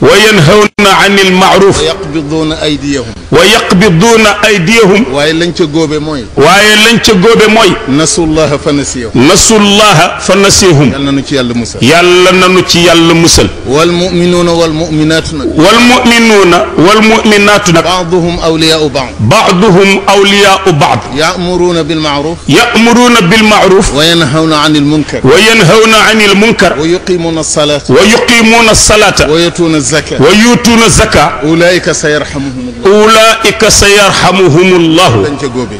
wa yanhawna عن المعروف ويقبضون ايديهم ويقبضون ايديهم واي لنج غوبي موي واي لنج غوبي موي نسوا الله فنسيهم نسوا الله فنسيهم يالنا نتي يال موسى يالنا نتي يال موسى والمؤمنون والمؤمنات والمؤمنون والمؤمنات بعضهم اولياء بعض بعضهم اولياء بعض يأمرون بالمعروف يأمرون بالمعروف وينهون عن المنكر وينهون عن المنكر ويقيمون الصلاه ويقيمون الصلاه ويؤتون الزكاه ويؤتون يؤتون الزكاة أولئك سيرحمهم الله أولئك سيرحمهم الله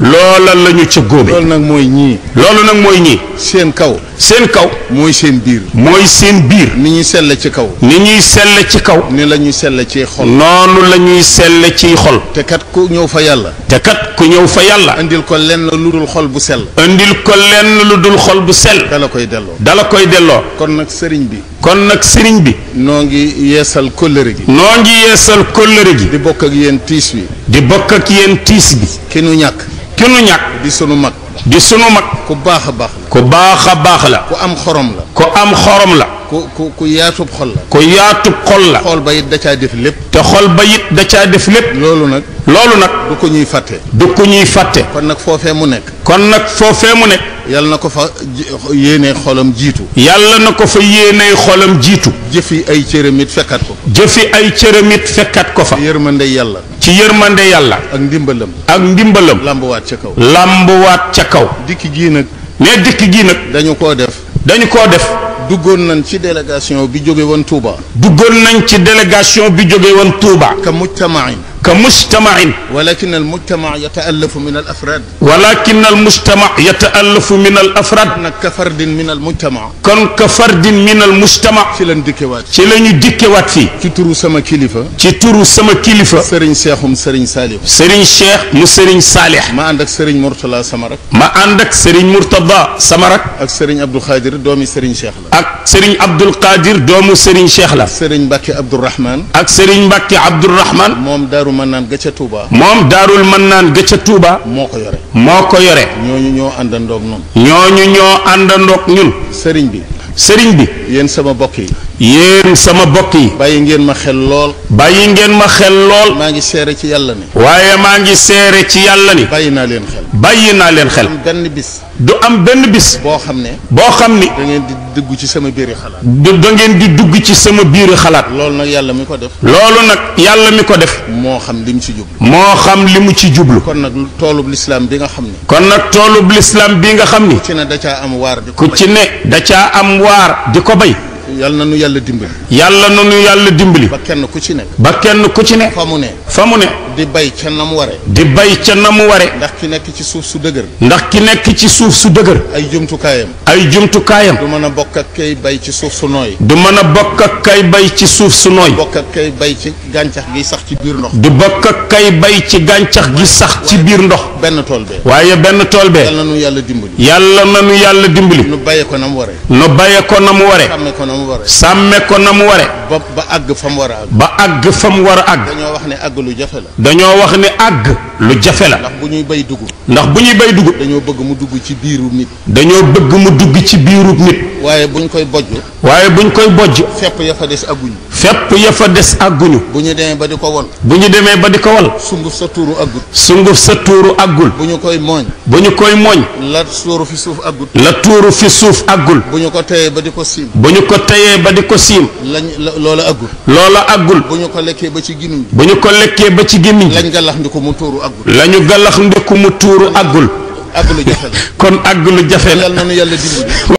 لولا لا نيو تي غوبي لولا نك موي ني لولا نك موي ني سين كاو seen kaw. mooy seen biir. mooy seen biir. ni ñuy sell ci kaw. ni ñuy sell ci kaw. ni la ñuy sell ci xol. noonu la ñuy sell ci xol. te kat ku ñëw fa yàlla. te kat ku ñëw fa yàlla. indil ko lenn lu dul xol bu sell. indil ko lenn lu dul xol bu sell. dala koy delloo. dala koy delloo. kon nag sëriñ bi. kon nag sëriñ bi. noo ngi yeesal kóllëre gi. noo ngi yeesal kóllëre gi. di bokk ak yéen tiis bi. di bokk ak yéen tiis bi. ki nu ñàkk. ki nu ñàkk. di sunu mag. di sunu mag. ku baax a baax la. ku baax a baax la. ku am xorom la. ku am xorom la. ku ku ku yaatub xol la. ku yaatub xol la. xol ba it da caa def lépp. te xol ba da caa def lépp. loolu nag. loolu nag. du ko ñuy fàtte. du ko ñuy fàtte. kon nag foofee mu nekk. kon nag foofee mu nekk. yàlla na ko fa yéenee xolam jiitu. yàlla na ko fa yéenee xolam jiitu. jëfi ay cëramit fekkat ko. jëfi ay cëramit fekkat ko fa. yërmande yàlla. ci yërmande yàlla. ak ndimbalam. ak ndimbalam. lambuwaat ca kaw. lambuwaat ca kaw. dikk gii nag. mais dikk gii nag. dañu ko def. dañu koo def. duggoon nañ ci délégation bi jóge woon Touba. duggoon nañ ci délégation bi jóge woon Touba. ka كمجتمع ولكن المجتمع يتألف من الأفراد ولكن المجتمع يتألف من الأفراد كفرد من المجتمع كن كفرد من المجتمع في لن في لن ديكوات في تورو سما كليفة تورو سما كليفة سرين شيخ سرين صالح سرين شيخ مسرين صالح ما عندك سرين مرتضى سمرك ما عندك سرين مرتضى سمرك أك سرين عبد القادر دومي سرين شيخ لا أك سرين عبد القادر دومي سرين شيخ لا سرين باكي عبد الرحمن أك سرين باكي عبد الرحمن موم دارو Mannaan gëcca Touba. moom Daarul naan gëcca Touba. moo ko yore. moo ko yore. ñooñu ñoo àndandoog ñun. ñooñu ñoo àndandoog ñun. sëriñ bi. sëriñ bi. yéen sama bokk yi. yéen sama bokk yi. bàyyi ngeen ma xel lool. bàyyi ngeen ma xel lool. maa ngi seere ci yàlla ni. waaye maa ngi seere ci yàlla ni. bàyyi naa leen xel. bàyyi naa leen xel. du am benn bis. du am benn bis. boo xam ne. boo xam ni. da ngeen di dugg ci sama biir xalaat. du ngeen di dugg ci sama biir xalaat. loolu nag yàlla mi ko def. loolu nag yàlla mi ko def. moo xam li mu ci jublu. moo xam li mu ci jublu. kon nag toolub lislaam bi nga xam ni. kon nag toolub lislaam bi nga xam ni. ku ci ne da caa am waar di ko ci ne da caa am waar di ko bay. yàlla na nu yàlla dimbali. yàlla na nu yàlla dimbali. ba kenn ku ci nekk. ba kenn ku ci ne. fa mu ne. fa mu ne. di bay ca na mu waree. di bay ca na mu waree. ndax ki nekk ci suuf su dëgër. ndax ki nekk ci suuf su dëgër. ay jumtukaayam. ay jumtukaayam. bokk ak kay bay suuf su nooy. du mën a bokk ak kay bay ci suuf su nooy. bokk ak kay bay ci gàncax gi sax ci biir ndox. du bokk ak kay bay ci gàncax gi sax ci biir ndox. benn tool bee. waaye benn tool bee. yàlla na nu yàlla dimbali. yàlla na nu yàlla dimbali. nu bàyyee ko na mu ware nu bàyyee na mu waree. sàmme ko na mu waree. na mu waree. ba ba àgg fa mu war a àgg. ba àgg fa mu war a àgg. dañoo wax ne àgg lu jafe la. dañoo wax ne àgg lu jafe la. ndax bu ñuy bay dugub. ndax bu ñuy bay dugub. dañoo bëgg mu dugg ci biiru nit. dañoo bëgg mu dugg ci biiru nit. waaye buñ koy bojj. waaye buñ koy bojj. fepp ya fa des àgguñu. fepp ya fa des àgguñu. bu ñu demee ba di ko wal. bu ñu demee ba di ko sunguf sa tuuru àggul. sunguf sa tuuru àggul. bu ñu koy mooñ. bu ñu koy mooñ. la tuuru fi suuf àggul. la tuuru fi suuf àggul. bu ñu ko teyee ba di ko siim. bu ñu ko teyee ba di ko siim. lañ loola àggul. loola àggul. bu ñu ko lekkee ba ci gimiñ. bu ñu ko lekkee ba ci gimiñ. lañ galax ndiku mu tuuru àggul. la ñu galax ndiku mu tuuru àggul. àggulu la kon àggulu jafe la. na nu yàlla dimbali